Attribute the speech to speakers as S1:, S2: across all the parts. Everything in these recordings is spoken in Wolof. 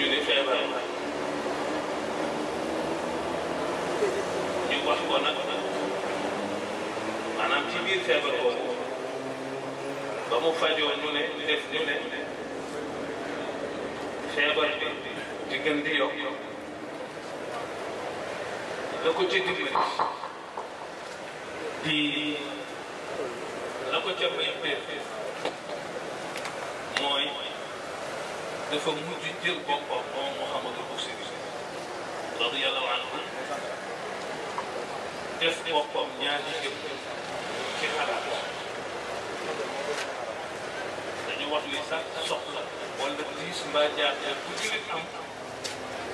S1: ñu ni feebar la ñu wax ko nag maanaam ci biir feebar boobu ba mu fajoo ñu ne def ñu ne feebar bi di gën di yokk la ko ci dimbali di la ko ca mooy dafa mujj jël boppam moom Mouhamadou Boussiri radiyallahu anhu def boppam ñaari jëm ci dañu wax ni sax soxla wala diis mbaa jaar jaar bu jullit am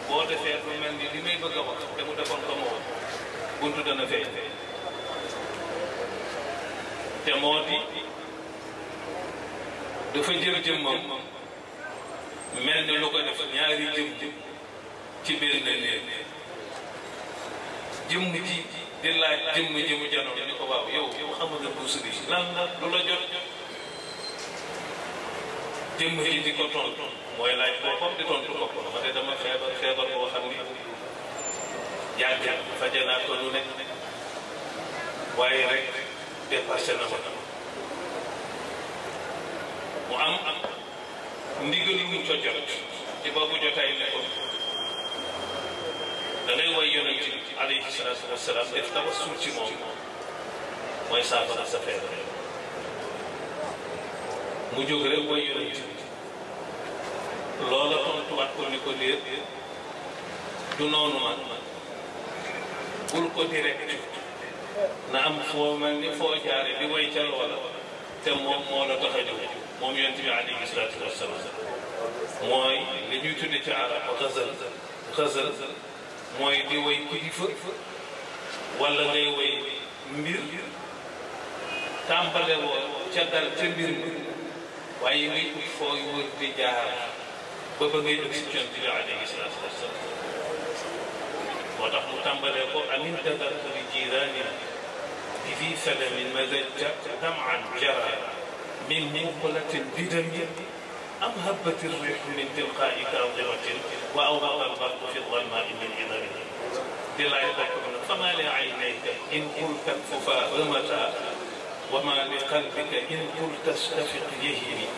S1: boo defee lu mel ni li may bëgg a te mu defoon ko moo buntu dana feeñ te moo di dafa jël jëmmam mel ni lu ko def ñaari jëm ci benn néeg jëmm ji di laaj jëmm ji mu janoon ni ko waaw yow yow nga bourse bi lan la lu la jot jëmm ji di ko tontu mooy laaj boppam di tontu boppam ma ne dama feebar feebar boo xam ni yàgg faje naa ko lu waaye rek dépassé na ma mu am am ndigal luñ ko jot ci boobu jotaay bi ko da ngay woy yonent bi alayhi salaatu wa salaam def tawassul ci moom mooy saafara sa feebar mu jóg rek woy yonent bi loola tontuwaat ko ni ko déet du noonu man bul ko direct na am foo ni foo jaare bi way ca loola te moom moo la tax a moom yonent bi alayhi salaatu wa salaam mooy li ñuy tuddee ci arab xasal xasal mooy di way kilifa wala ngay way mbir tàmbale woo ca dal ca mbir mi waaye ngay ut fooy wër di jaar ba ba ngay ëgg si yonent bi alayhi salaatu wa salaam moo tax mu tàmbalee ko amin tadar li jiraani di fii salamin mazajja daman jara من منقلة البدم أم هبت الريح من تلقاء كاظمة وأوغض البرق في الظلماء من إذنه بلا يذكرون فما لعينيك إن قلت الكفاء ومتى وما لقلبك إن قلت استفق يهري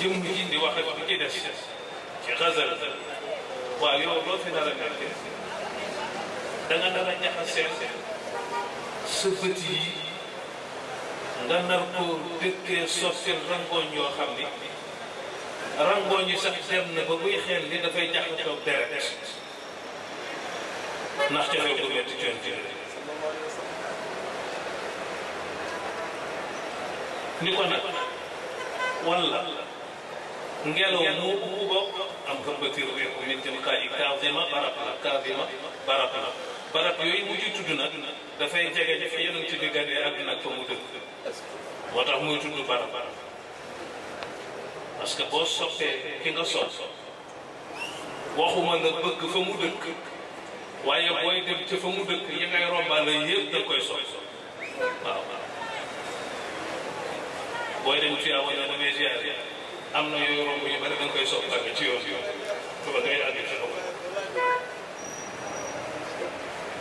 S1: jëmm ji di wax ak bi ci des ci xasal waaw yow loo fi nar a nekk da nga nar a jaxasee sa bët yi nga nar ko dëkkee sottil rangooñ yoo xam ni rangooñ yi sax dem na ba buy xel li dafay jaxasoo deret ndax ni ko nag walla ngelaw mu bu bokk am xëmbatir weeku nit ci kaay yi barab la kaasima barab barab yooyu mu ci tudd nag dafay jege ji fi yonent bi gane àdduna ak fa mu dëkk moo tax muy tudd barab parce que boo soppee ki nga sopp waxuma nga bëgg fa mu dëkk waaye booy dem ci fa mu dëkk yi ngay rombaale yëpp da koy sopp waaw booy dem ci na demee ziar am na yooyu romb yu bari da nga koy sopp ci yoon yoon su ko ngay àgg ci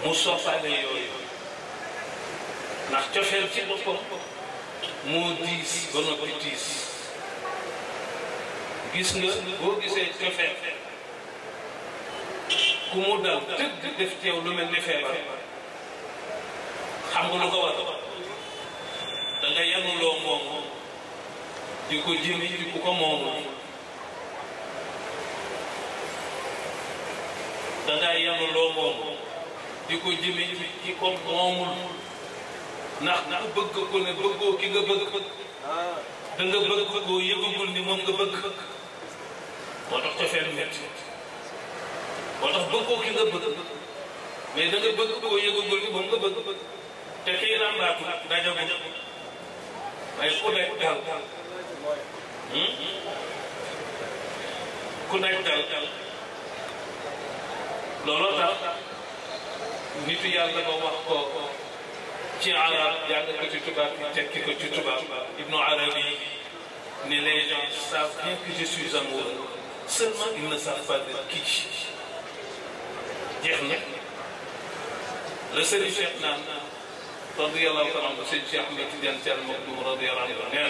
S1: mu soofaale yooyu ndax cofeel ci boppam moo diis ba noppi diis gis nga boo gisee cofeel ku mu dal dëgg def ci yow lu mel ni feebar xam nga lu ko war da nga yanuloo moomu di ko jëmi di ku ko moomu da nga yanuloo moomu di ko jëme ci ko moomul ndax ndax bëgg ko ne bëggoo ki nga bëgg da nga bëgg koo yëgagul ni moom nga bëgg moo tax cofeelu métti moo tax bëggoo ki nga bëgg mais da nga bëgg koo yëgagul ni moom nga bëgg te kii ràmbaatu dajagu waaye ku daj dal hmm? ku daj dal looloo tax nitu yàlla ba wax ko ci arab jàng ko ci tubaab bi tekki ko ci tubaab Ibnu Arabi ne les gens savent bien que je suis amoureux seulement ils ne savent pas de qui jeex na le sëriñ Cheikh naan radiyallahu taala anhu sëriñ Cheikh Ahmed Tidiane Thial Maktoum radiyallahu anhu nee na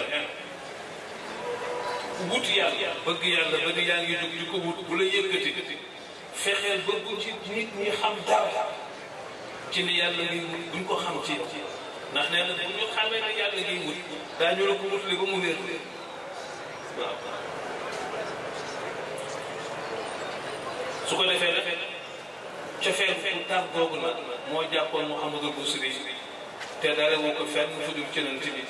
S1: wut yàlla bëgg yàlla ba di yaa ngi jóg di ko wut bu la yëkkati fexeel bëggu ci nit ñi xam dara ci li yàlla ngi wut buñ ko xam ci ndax nee na bu ñu xamee ne yàlla ngi wut daañu la ko wutale ba mu wér su ko defee nag cofeel bu tax googu nag moo jàppoon Muhammadul Busiri te dara wu ko fenn fu dul na nant bi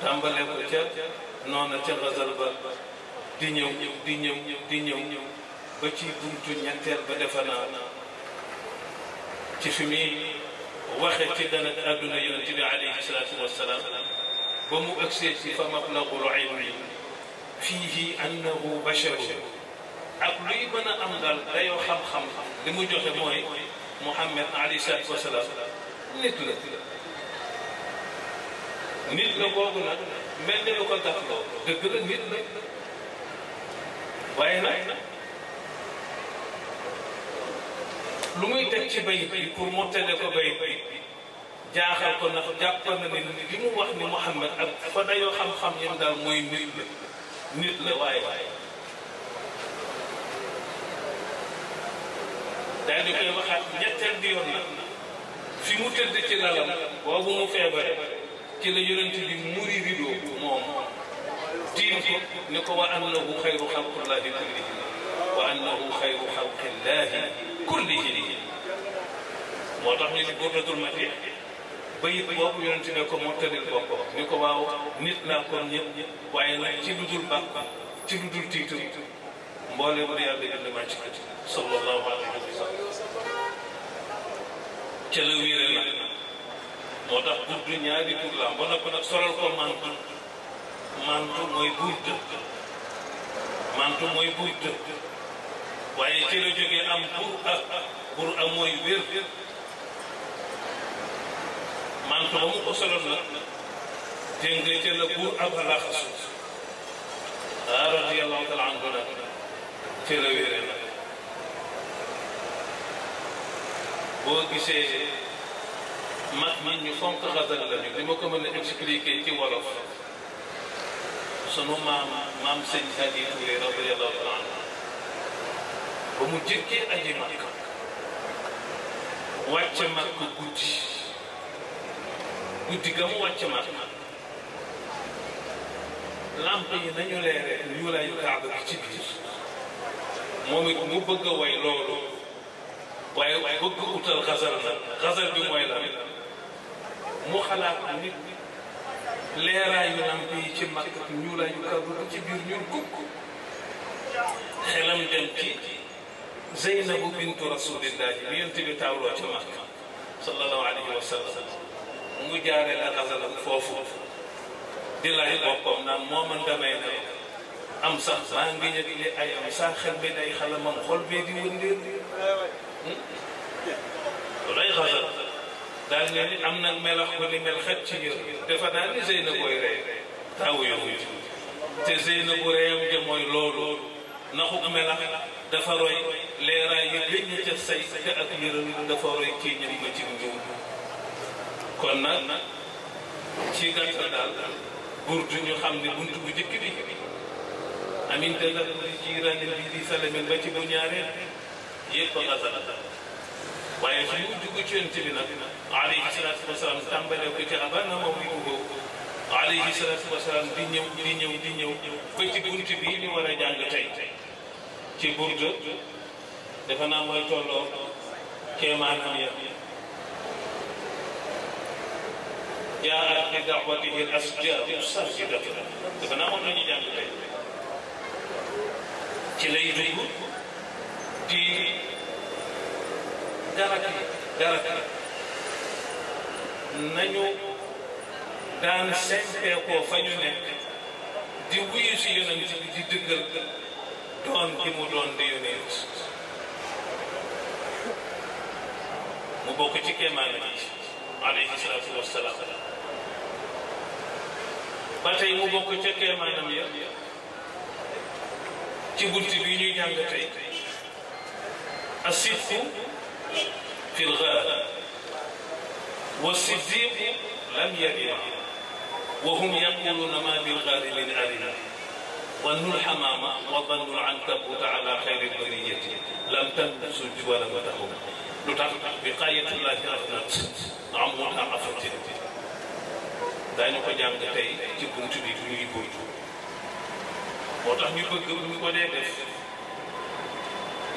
S1: tàmbalee ko ca noona ca Ghazal ba di ñëw di ñëw di ñëw ba ci buntu ñetteel ba defe ci fi waxe ci dana adduna yonent bi alayhi salaatu wassalaam ba mu agsee ci fa mablagul ilmi fiihi annahu basharun ak luy mën a am daal dayoo xam-xam li mu joxe mooy Muhammad alayhi salaatu wassalaam nit la nit la boobu nag mel ni lu ko tax dëgg la nit la waaye nag lu muy teg ci bayit bi pour mottale ko bayit bi jaaxal ko ndax jàpp na ne li mu wax ni Muhammad ak fa dayoo xam-xam yam daal mooy nit la nit la waaye daal di koy waxaat ñetteel di yoon na fi mu tëdd ci lalam boobu mu feebare ci la yonent bi muri rido moom tiim ko ni ko wa annahu xayru xalqullahi kullihi annahu xayru xalqillahi kullihim moo tax ñu ne burdatul matin bayit boobu yonent ne ko mottalil boppam ni ko waaw nit laa kon ñëpp waaye nag ci lu dul bàq ci lu dul tiitu mboole bu yàlla yónni ma ci sallallahu alayhi wa sallam ca la wéere la moo tax gudd ñaari tur la ba noppi nag solal ko mantu mantu mooy buuj dëkk mantu mooy buuj dëkk waaye ci la jógee am bur a bur a mooy wér manto ba mu ko soloon la dégg nga ca la bur a ba laxasu ah radiyallahu taala anhu nag ca la wéree nag boo gisee mag man ñu fonk xasal la ñu li ma ko mën a expliquer ci wolof sunu maam maam sëñ Xadi Touré radiyallahu taala anhu ba mu jëkkee aji makka wàcc makka guddi guddi ga mu wàcc makka lamp yi nañu leeree yu lay bi ci biir moom it mu bëgg a way loolu waaye bëgg utal xasal na xasal bi mooy lan mu xalaat nit leeraayu lamp yi ci makka ñu lay kaaba ci biir ñun kukk xelam dem ci Zeynabu bintu rasulillahi bi yonent bi taawloo ca Makka sallallahu alayhi wa sallam mu jaaree la xasalam foofu di laaj boppam naan moo man damay ne am sax maa ngi yëg li ay am xel bi day xala man xol bee di wëndeel hmm? lay xasal daal ne ni am na melax ko li mel te Zeynabu reeyam ja mooy loolu naxu melax dafa roy leeraay yi gën ca say ka ak yërëm dafa roy ci ñëm ma ci njëw kon nag ci gàttal daal burdu ñu xam ne bunt bu jëkk bi aminte la di jiiraane bi di salamin ba ci bu ñaareel yëpp a gasal waaye su mu dugg ci yonent bi nag alayhi salaatu wasalaam tàmbalee ko ci abana moom yu ko alayhi salaatu wasalaam di ñëw di ñëw di ñëw ba ci bunt bii ñu a ci burdu defe naa mooy tolloo kéemaanam ya jaa'at bi da'watihi al-ashjaaru sarjidatun defe naa moom la ñu jàng tey ci lay dugg di garab garab nañu daan sempeekoo fa ñu nekk di wuyu si yonent bi di dëggal doon ki mu doon di yonent mu bokk ci kéemaan yi alayhi salaatu wa salaam ba tey mu bokk ca kéemaanam ya ci bunti bi ñuy jàng tey asidqu fi lgaar wa siddiqu lam yarima wa hum yaquluuna ma bilgaari min arina ظنوا الحمامة وظنوا العنكبوت على خير البرية لم تنقصوا الجبل متهم lu tax bi xaayatullaahi afnat amul am afatin daañu ko jàng tey ci bunt bi bu ñuy bóotu moo tax ñu bëgg bu ñu ko dee def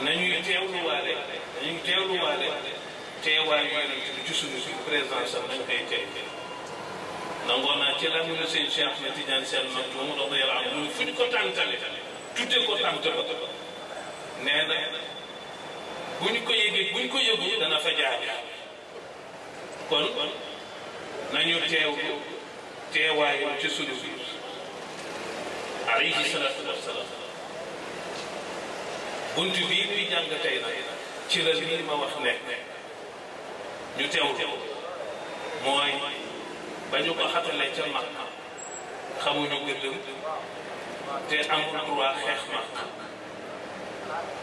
S1: nañuy teewluwaale nañuy teewluwaale teewaay yonent bi ci suñu si présence am nañ koy tey nangoo naa ci la mu ne seen Cheikh na Tidiane seen mag moomu radiyallaahu anhu fu ñu ko tàntale tudde ko tànta ba nee na bu ñu ko yëgee bu ñu ko yëgu dana fa jaar kon nañu teew teewaayu ci sunu biir alayhi salaatu wasalaam bunt bii ñuy jàng tey nag ci la lii ma wax ne ñu teewlu mooy ba ñu ko xatale ca mag xamuñu gëddëm te am droit xeex mag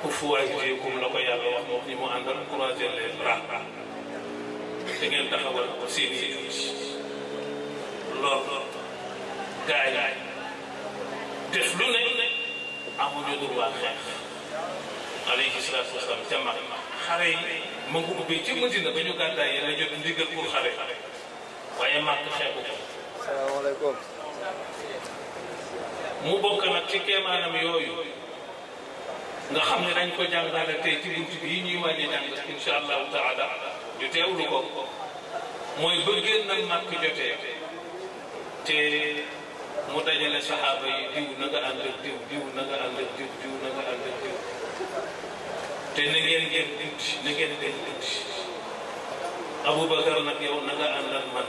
S1: kufu aydiyakum la ko yàlla wax moom ñi mu àndal croiser les bras da ngeen taxawal seen i lor gaay def lu ne amuñu droit xeex alayhi salaatu wasalaam jama xare yi ma ngi ubbee ci Madina ba ñu gàddaay yéen a jot ndigal pour xare waaye màkk xeexu ko
S2: salaamaaleykum
S1: mu bokk nag ci keemaanam yooyu nga xam ne dañ ko jàngale tey ci bunt bii ñuy wàññi jàng incha allahu taala ñu teewlu ko mooy bëggeen nag màkk jotee te mu dajale saxaaba yi diw na nga ànd ak diw diw na nga ànd ak diw diw na nga ànd diw te na ngeen ngeen guddi na ngeen ngeen guddi Aboubacar nag yow na nga ànd ak man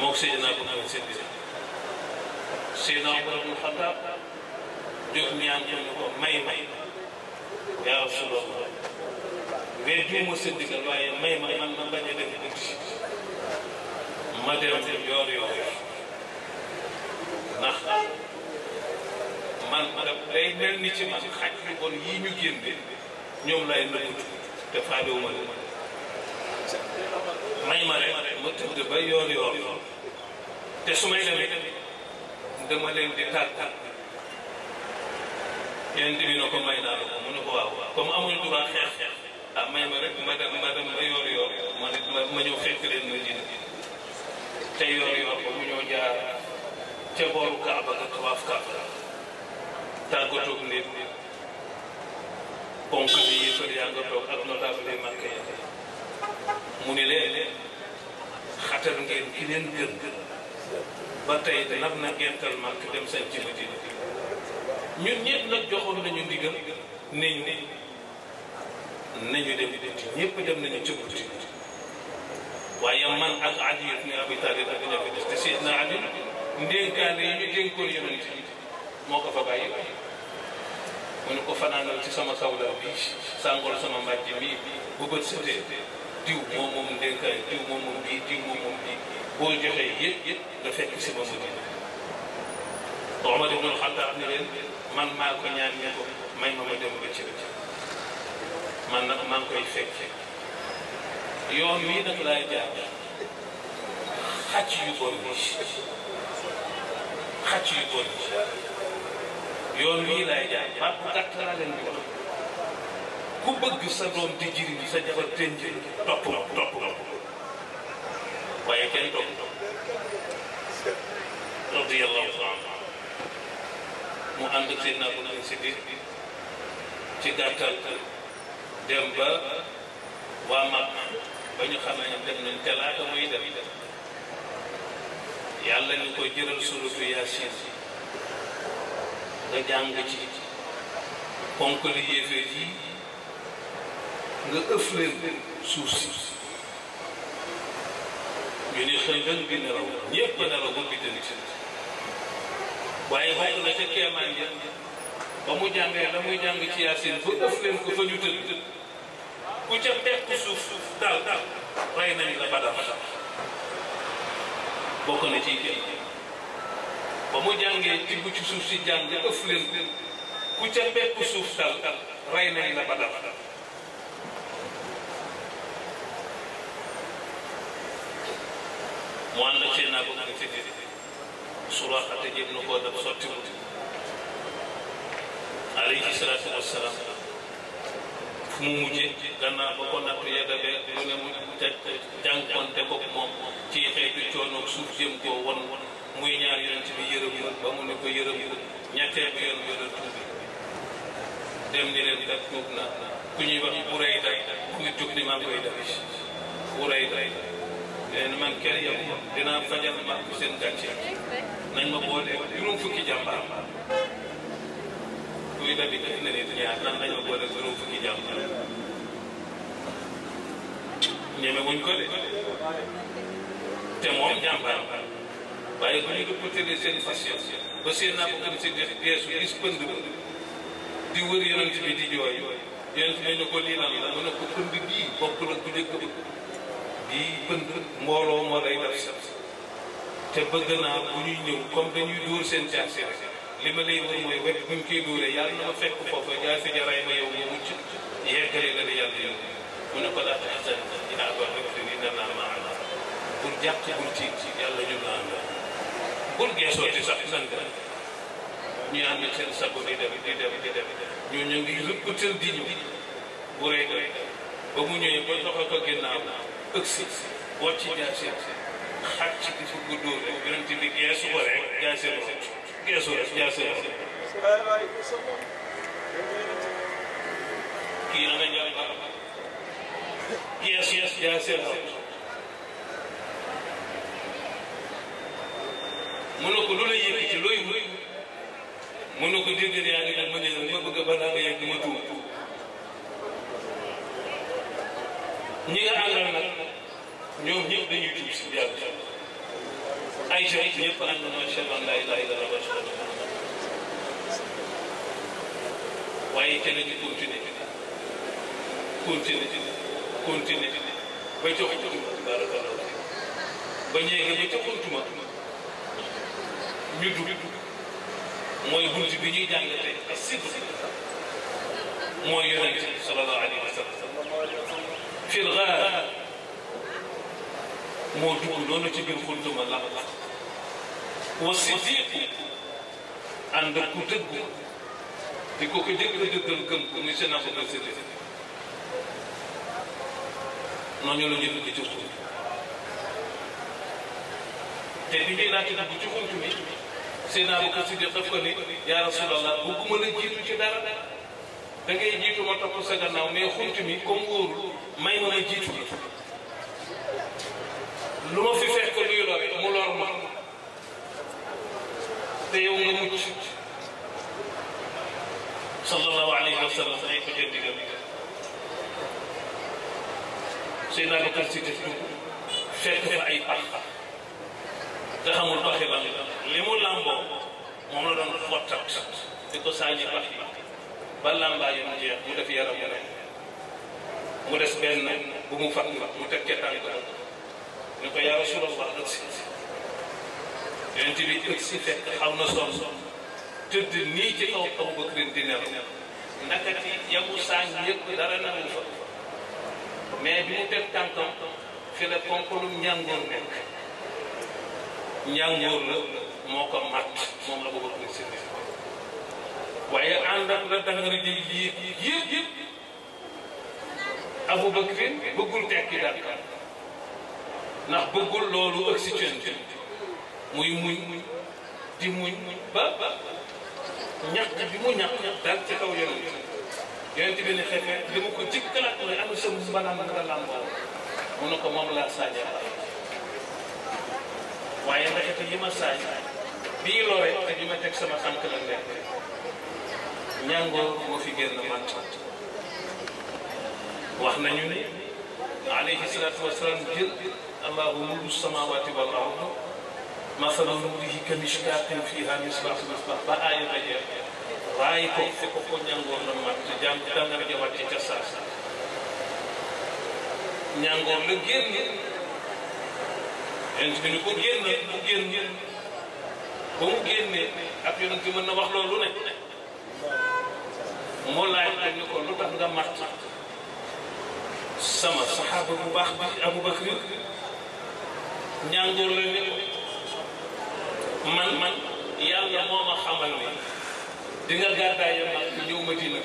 S1: moog Seydina bu nga Seydina Seydina Omar ibn Diop ñaan ñu ko may may yaa Rasulallah mais juuma sa digal waaye may ma man ma bañ a def guddi ma dem yoor yoor ndax man daf day mel ni ci man xaj lu bon yii ñu génn ñoom lay nëbbatu te faalewuma leen may ma rek ma tëdd ba yoor yoor te su may demee dama leen di tàggat yonent bi ne ko may naa la ko mu ne waaw comme amuñu droit xeex xeex ah may ma rek ma dem ma yoor yoor ma ñëw fekk leen ma jënd te yoor yoor ba mu ñëw jaar ca booru Kaaba ga tawaaf Kaaba tàggatoog nit ponk bi yëfër yaa mu ni leen xatar ngeen ki leen ba tey nag na gental màkk dem sañ ci Madina ñun ñëpp nag joxoon nañu ndigal ne ñu nañu dem ñëpp dem nañu ci guddi waaye man ak Ali ibn Abi Talib ak ña fi des ñu dénkoon yonent yi moo ko fa bàyyi mu ne ko fanaanal ci sama sawla bi sàngool sama mbàjj mi bu bët setee diw moom moom ndénkaan diw moom moom bii diw moom moom boo joxee yëpp yëpp nga fekk si ma mu ba Omar ibnul Xattaab ne leen man maa ko ñaan ne ko ma ma dem ba ci man nag maa koy fekk yoon bii nag laay jaar xacc yu bon bi xàcc yu bon bi yoon bii laay jaar baat bu gàtt leen di wax ku bëgg sa doom di jëriñ sa jabar tënj topp topp waaye kenn topp radiyallahu anhu mu ànd ak Seydina Abubakar Siddiq ci gàttal dem ba waa mag ba ñu xam ne dem nañ talaata muy dem yàlla ñu ko jëral suratu Yaasin nga jàng ci ponk li yéefee yi nga ëf leen suuf si ñu ni xëy na bi nelaw ñëpp nelaw ba bi dënd si waaye bàyyi na ca keemaan ya ba mu jàngee la muy jàng ci yaasin ba ëf leen ko fa ñu tëdd ku ca bekk suuf suuf daal daal rey nañu la badam bokk na ciy jël ba mu jàngee tibb ci suuf si jàng ëf leen ku ca bekk suuf daal daal rey nañu la badam mu ànd cee naa ko nga Suraaqa te jéem na koo def sottiwut alayhi salaatu wassalaam fu mu mujje gannaaw ba ko nattu ya dabee lu ne mu jànkonte ko moom ci xeetu coonoog suuf jëm koo won muy ñaar yonent bi yërëm yoon ba mu ne ko yërëm yoon ñetteel bi yoon a tuubi dem ni leen kat tuub na ku ñuy wax Burayda mu ngi tuub ni maa ngi koy dafi Burayda leen eh, man kër yow dinaa fajal ma ko seen gàcce nañ ma boole juróom fukki jàmbaar kuy dabi def na nit ñaar nan nañ ma boole juróom fukki jàmbaar ñeme wuñ ko te moom jàmbaar waaye bu ñu dëppatee seen fashion ba seen naa ko si def geesu gis pënd di wër yonent bi di jooy yonent bi ne ko lii lan la mu ne ko pënd bii bokk la ku njëkk di bëgg mbooloo ma lay def sax te bëgg naa bu ñuy ñëw comme dañuy dóor seen jaasi rek li ma lay wër mooy wet buñ koy dóoree yàlla na ma fekk foofa jaasi ja ray ma yow ma mucc yeggale la ne yàlla yow mu ne ko laa taxsan la bul geesoo ci sax sant ñu ànd seen sago di dem di dem di ñu ngi rëpp tër di ñëw bu rey ba mu ñëwee ba doxal ko ginnaaw ëgsi wàcc ci jaase xaj ci di fa guddoo rek yonent bi geesu ko rek jaase ko geesu rek jaase ko kii ana jàmbar geesu jaase ko mu ne ci looy wut mu ne ko dégg ngi dem ma ne ma bëgg balaa nga yegg ma tuub ñi nga àndal nag ñoom ñëpp dañuy tuub si yàlla ay sa ñëpp ànd na ashhadu an laa ilaaha illallaah waaye ca la ñu continuer continuer continuer ba jox tuuma barakallah ba ñeegi ba joxoon tuuma ñu dugg mooy bunt bi ñuy jàngatee ak sidq mooy yonent sallallahu alayhi wa sallam fi l-ghaar moo dugg noonu ci biir xuntuma la wa siddiq ànd ku dëgg di ko ko jëkk a dëggal ko muy seen affaire siddiq noonu la ñu dugg ci ko ni yaa rasulallah bëgguma la jiitu ci dara da ngay jiitu ma topp sa gannaaw mais xunt mi comme may ma la jiitu lu ma fi fekk luy lor mu lor ma te yow nga mucc sallallahu alayhi wa sallam ay ko jël digal Seydina Bakar Si def dugg fekk fa ay pax te xamul paxi ba li mu làmboo moom la doon xottat di ko saaji pax yi ba làmbaa yu mu jeex mu def yaram mu des benn bu mu fàttali mu teg ca tànk ne ko yaa rasulallah ak si yonent si fekk xaw na sonn tëdd nii ci kaw Abubakar di nelaw ndakati yamu saañ yëpp dara nangu fa mais bi mu teg tànkam fi la konkolum ñàngoor nekk ñàngoor la moo ko matt moom Abubakar si waaye ànd ak la dangara ji yëpp yëpp Abubakar bëggul tekki dàkka ndax bëggul loolu ak si muy muñ di muñ ba ñàkk bi mu ñàkk daal ci kaw yonent yonent bi ne xefe li ma ko jikkalaat mooy am sa mbalaam nga làmboo mu ne ko moom laa saaja waaye ndekete yi ma saaj bii lore te ma teg sama tànk la nekk ñàngoor moo fi génn man wax nañu ne alayhi salaatu wasalaam jël allahu mulku samawati wal ard masalu nuurihi ka mishkaatin fiihaa misbaahun ba aaya ba jeex waaye ko te ko ko la mat te jàmm dangar ja wàcce ca saa sa ñàngoor la génn yonent ni ko génn bu génn ak yonent bi na wax loolu ne moo laaj ko ni ko lu tax nga mat sama saxaaba bu baax bi Abu Bakr njàngoor la nit man man yàlla moo ma xamal ne di nga gàddaaye mag ñëw Madina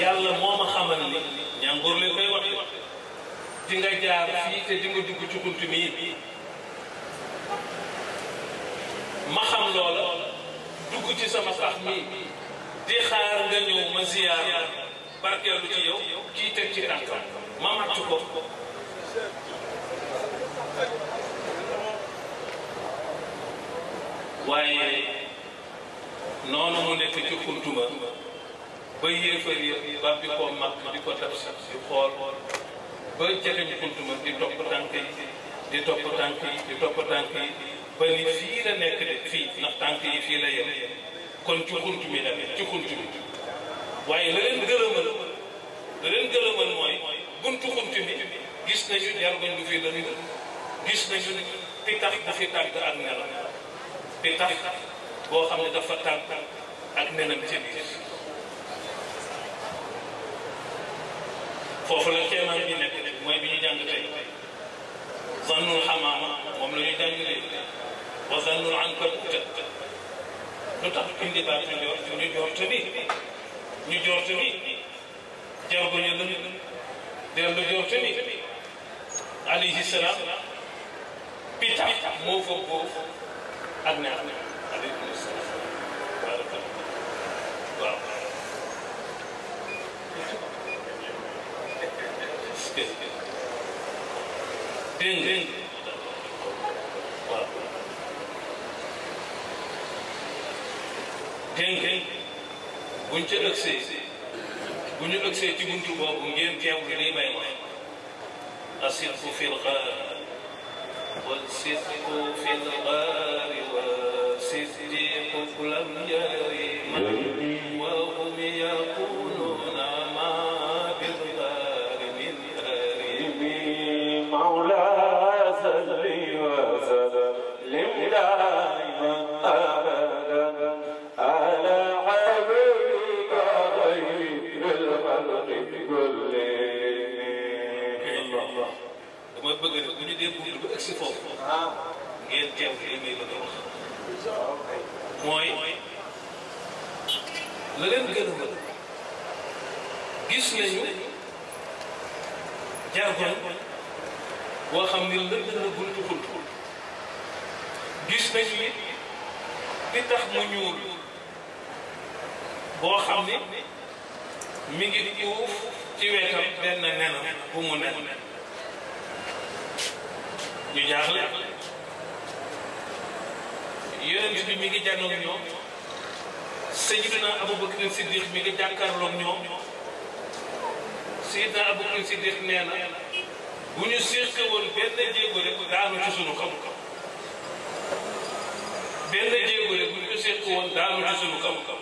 S1: yàlla moo ma xamal ne njàngoor la koy wax di nga jaar ci ma xam loola dugg ci sama sax mii di xaar nga ñëw ma ziyaar barkeelu ci yow kii teg ci tànkam ma màcc ko waaye noonu mu nekk ci xuntuma ba yéefar yi ba bi ko mag di ko tab si di xool ba jëriñ xuntuma di topp tànk yi di topp tànk yi ba ni fii la nekk de fii ndax tànk yi fii la yem kon ci xunt mi nag waaye la leen gërëmal la leen gërëmal mooy buntu xunt mi gis nañu jargoñ du fi lënd gis nañu pitax du fi tàgg ak nelaw di tax boo xam ne dafa tànk ak nenam ci biir foofu la kéemaan bi nekk mooy bi ñu jàng tey zannul xamaama moom la ñu jàng léegi wa zannul ankabuut lu tax indi baat ñu joor ñu joortu bi ñu joortu bi jar gu ñu lu dellu joortu bi alayhi salaam bi tax moo fa boobu ak ne aleykum salaam waaw dégg dégg waaw dégg dégg buñ ca ëgsee bu ñu ëgsee ci buntu boobu ngeen teewlu li may wax asir ku fil xaar والصدق في الغار والصديق لم يرم وهم يقولون ما بالغار من هرم مولاي صلي وسلم la leen gën gis nañu jargoñ boo xam ne lënd na buntu xult gis nañu ni li tax mu ñuul boo xam ni mi ngi uuf ci wetam benn nen bu mu nen ñu jaaxle yonent bi mi ngi jànnoog ñoom Seydina si Siddiq mi ngi jàkkaarloog ñoom Seydina Aboubacar Siddiq nee na bu ñu séqee woon benn jéego rek daanu ci sunu kaw benn jéego rek bu ñu ko séqee woon daanu ci sunu kaw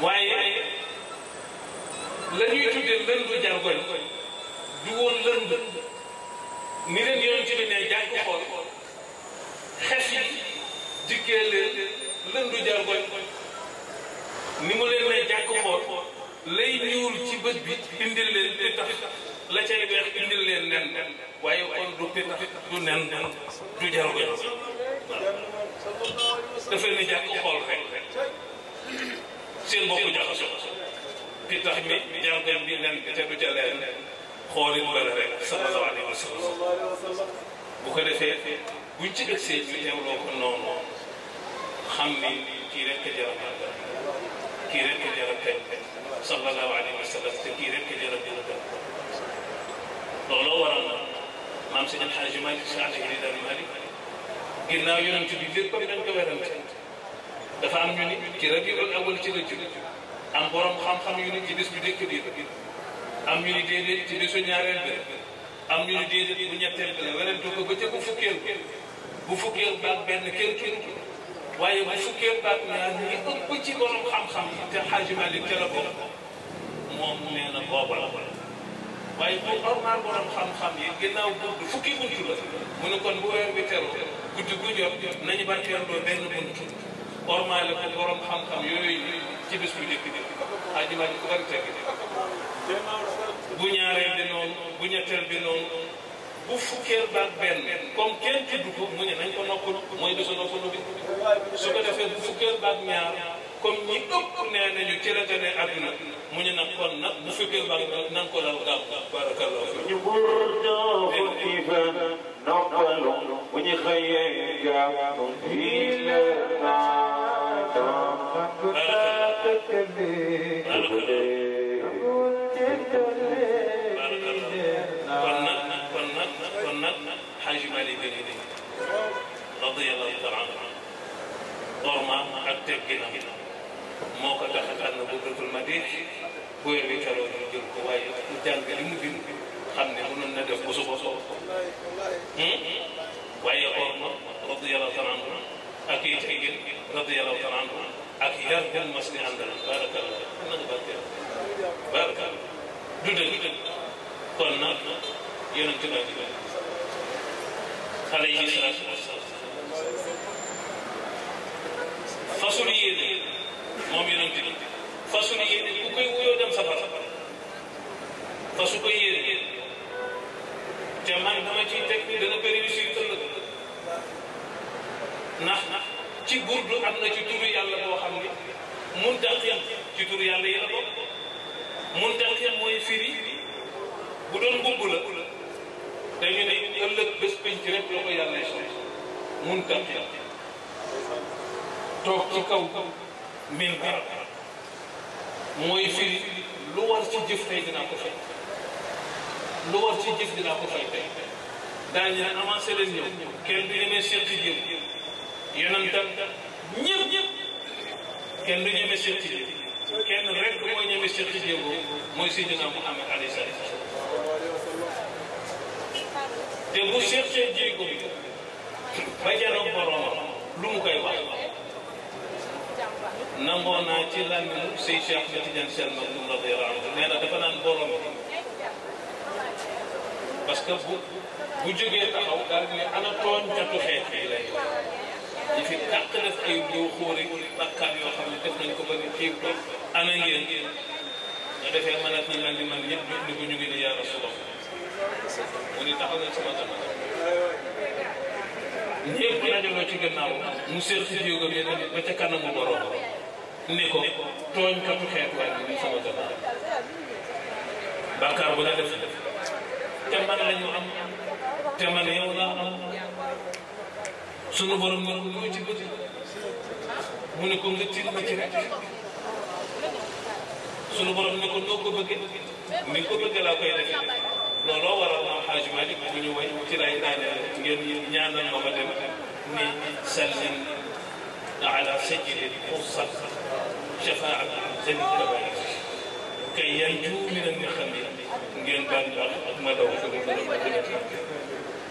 S1: waaye la ñuy tuddee lëndu jargoñ du woon lënd ni leen yoon ci bi ne jàkk yi dikkee lëndu jargoñ ni mu leen lay jàkk xool lay ñuul ci bët bi indil leen la cay weex indil leen nen waaye kon du pitax du nen du jaru waaw dafa ni jàkk xool rek seen bopp jaxasoo pitax mi jargoñ bi nen bi te du ca leen xoolit bala rek sallallahu alayhi wa bu ko defee buñ ci dëgsee ñu teewloo ko noonu xam ni kii rek ka kii rek a jar a kañ sallallahu alayhi wa sallam te kii rek a jar a gën a kañ looloo waral maam si El Hadj Malick si Alioune daal Malick ginnaaw yonent bi lépp bi dañ ko werante dafa am ñu ni ci rabiul awal ci la jëm am borom xam-xam yu ni ci bés bu dëkk bi am ñu ni déedéet ci bésu ñaareel bi am ñu ni déedéet bu ñetteel bi la werante ko ba ca bu fukkeel bu fukkeel baag benn kenn kenn. waaye bu fukkee baat ñaar ñi ëpp ci xam-xam te Xaaji Malik ca la bokk moom nee na booba la waaye bu ormaal borom xam-xam yi ginnaaw bunt fukki bunt mu ne kon bu weer bi teru guddi gu jot nañu barkeeloo benn bunt ormaale ko borom xam-xam yooyu ci bés bu njëkk bi Xaaji Malik ku bari tegg bu ñaareel bi noonu bu ñetteel bi noonu bu fukkeel baag benn comme kenn tudd ko mu ne nañ ko noppal mooy bésu noppalu bi su ko defee bu fukkeel baag ñaar comme ñi ëpp nee nañu ci la gane àdduna mu ne nag kon na bu fukkeel baag nan ko law daaw barakallahu fi ñu burdo fukkifa noppalu bu ñu xëyee jàppum fii la naa ormaam ak tegginam moo ko tax a tànn Budratul Madih bu wér bi teroo ñu jël ko waaye mu jàng li mu bind xam ne mënoon na def bu suba soo hmm? waaye orma radiyallahu taala anhu ak yi teggin radiyallahu taala anhu ak yar gan mas ni àndal barakallah na nga barkeel barakallah du dëgg kon nag yonente bi alayhi salaatu wasalaam fasul yéene moom yonent bi fasul yéene ku koy wuyoo dem safara fasu ko yéene te man dama ciy teg dana bëri lu si ëllëg ndax ci gurdu am na ci turu yàlla boo xam ne mun daqiyam ci turu yàlla yi la bokk mun daqiyam mooy firi bu doon gurdu la dañu ne ëllëg bés penc rek la ko yàlla mun daqiyam toog ci kaw min barab mooy firi lu war ci jëf tey dinaa ko fay lu war ci jëf dinaa ko fay tey daañu ne avancé leen ñëw kenn du ñemee lu mu koy wax. nangoo naa ci làmmiñu say Cheikh Ahmed Tidiane Sall Maktoum radiyallahu anhu nee na dafa que bu bu jógee taxaw yoo xam ne def nañ ko ba ne kii ko ana ngeen mu ni taxaw na sama dama ñëpp ci gannaaw mu seet si yoga ba ca kanamu borom ne ko tooñkatu xeet waaye bi sama jamono bàkkaar bu la def te man lañu am te man yow laa am sunu borom nga mu ci bëti mu ne ko nga tiil ma ci rek sunu borom ne ko noo ko bëggee ni ko bëggee laa koy defee looloo waral maam Xaaj Maalik bu ñu way ci lay daaneel ngeen ñaanal ma ma dem ni sallim ala sajidin mursal shafaat seen tabax kay yan tuuti na nga xam ne ngeen
S2: baal baax ak ma daw ko mu gën a